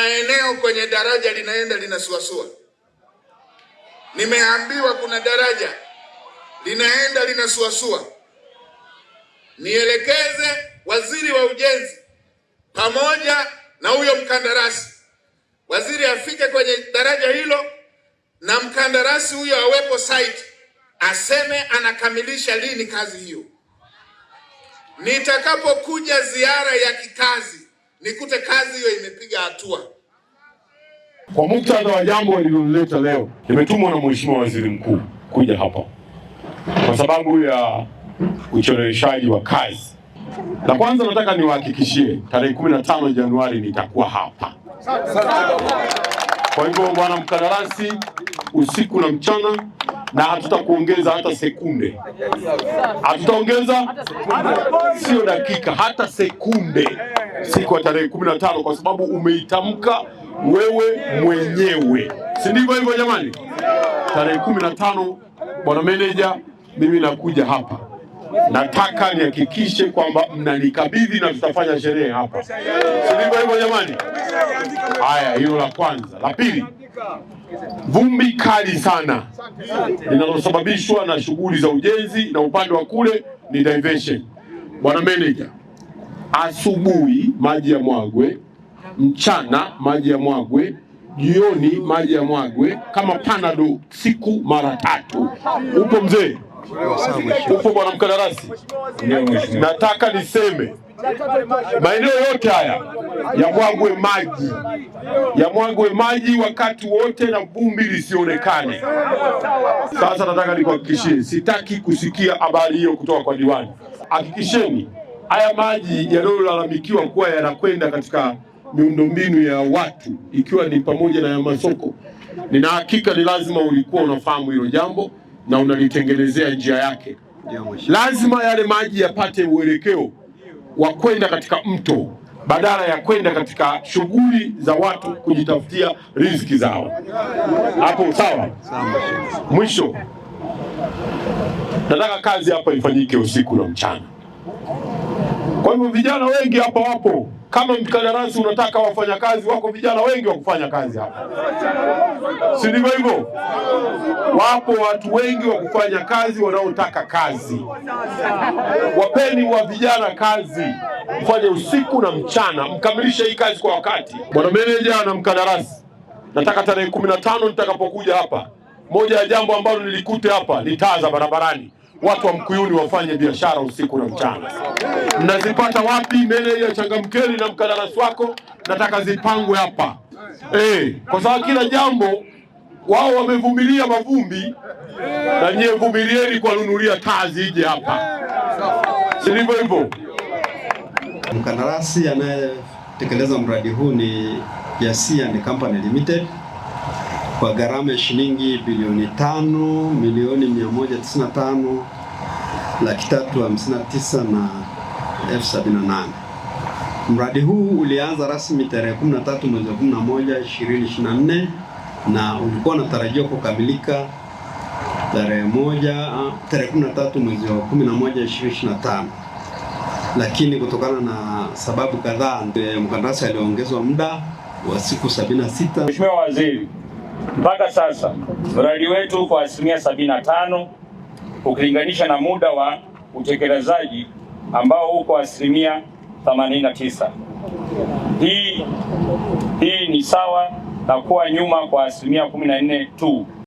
kuna eneo kwenye daraja linaenda linasuasua. Nimeambiwa kuna daraja linaenda linasuasua. Nielekeze waziri wa ujenzi pamoja na huyo mkandarasi, waziri afike kwenye daraja hilo na mkandarasi huyo awepo site, aseme anakamilisha lini kazi hiyo. Nitakapokuja ziara ya kikazi nikute kazi hiyo imepiga hatua. Kwa muktadha wa jambo lililoleta leo, nimetumwa na Mheshimiwa Waziri Mkuu kuja hapa kwa sababu ya ucheleweshaji wa kazi. La kwanza nataka niwahakikishie tarehe 15 Januari nitakuwa hapa. Kwa hivyo, bwana mkandarasi, usiku na mchana na hatutakuongeza hata sekunde, hatutaongeza sio dakika, hata sekunde, siku ya tarehe kumi na tano, kwa sababu umeitamka wewe mwenyewe, si ndivyo hivyo jamani? Tarehe kumi na tano, bwana meneja, mimi nakuja hapa nataka nihakikishe kwamba mnanikabidhi na tutafanya sherehe hapa, si ndivyo hivyo jamani? Haya, hilo la kwanza. La pili vumbi kali sana linalosababishwa na shughuli za ujenzi, na upande wa kule ni diversion. Bwana meneja, asubuhi maji ya mwagwe, mchana maji ya mwagwe jioni maji ya mwagwe kama panado siku mara tatu. Upo mzee? Upo bwana mkandarasi? Nataka niseme maeneo yote haya yamwagwe maji, yamwagwe maji wakati wote na vumbi lisionekane. Sasa nataka nikuhakikishie, sitaki kusikia habari hiyo kutoka kwa diwani. Hakikisheni haya maji yanayolalamikiwa kuwa yanakwenda katika miundombinu ya watu ikiwa ni pamoja na ya masoko, nina hakika ni lazima ulikuwa unafahamu hilo jambo na unalitengenezea njia yake. Lazima yale maji yapate uelekeo wa kwenda katika mto badala ya kwenda katika shughuli za watu kujitafutia riziki zao. Hapo sawa. Mwisho, nataka kazi hapa ifanyike usiku na mchana. Kwa hivyo vijana wengi hapa wapo. Kama mkandarasi unataka wafanya kazi wako, vijana wengi wa kufanya kazi hapa, si ndivyo hivyo? Wapo watu wengi wa kufanya kazi wanaotaka kazi. Wapeni wa vijana kazi, mfanye usiku na mchana, mkamilishe hii kazi kwa wakati. Bwana meneja na mkandarasi, nataka tarehe kumi na tano nitakapokuja hapa, moja ya jambo ambalo nilikute hapa ni taa za barabarani. Watu wa Mkuyuni wafanye biashara usiku na mchana. Mnazipata wapi? Meneja, changamkeni na mkandarasi wako, nataka zipangwe hapa eh, kwa sababu kila jambo wao wamevumilia mavumbi eh. na nyie vumilieni kuwanunulia kazi ije hapa, silivyo hivyo. Mkandarasi anayetekeleza mradi huu ni Yasia and Company Limited kwa gharama ya shilingi bilioni tano milioni mia moja tisini na tano laki tatu hamsini na tisa na elfu sabini na nane. Mradi huu ulianza rasmi tarehe 13 mwezi wa 11 2024 na ulikuwa unatarajiwa kukamilika tarehe moja tarehe tatu mwezi wa na tano lakini kutokana na sababu kadhaa mkandarasi aliongezwa muda wa siku sita. Mheshimiwa Waziri, mpaka sasa mradi wetu uko asilimia tano ukilinganisha na muda wa utekelezaji ambao uko asilimia 89. Hii hii ni sawa na mkoa nyuma kwa asilimia 14 tu.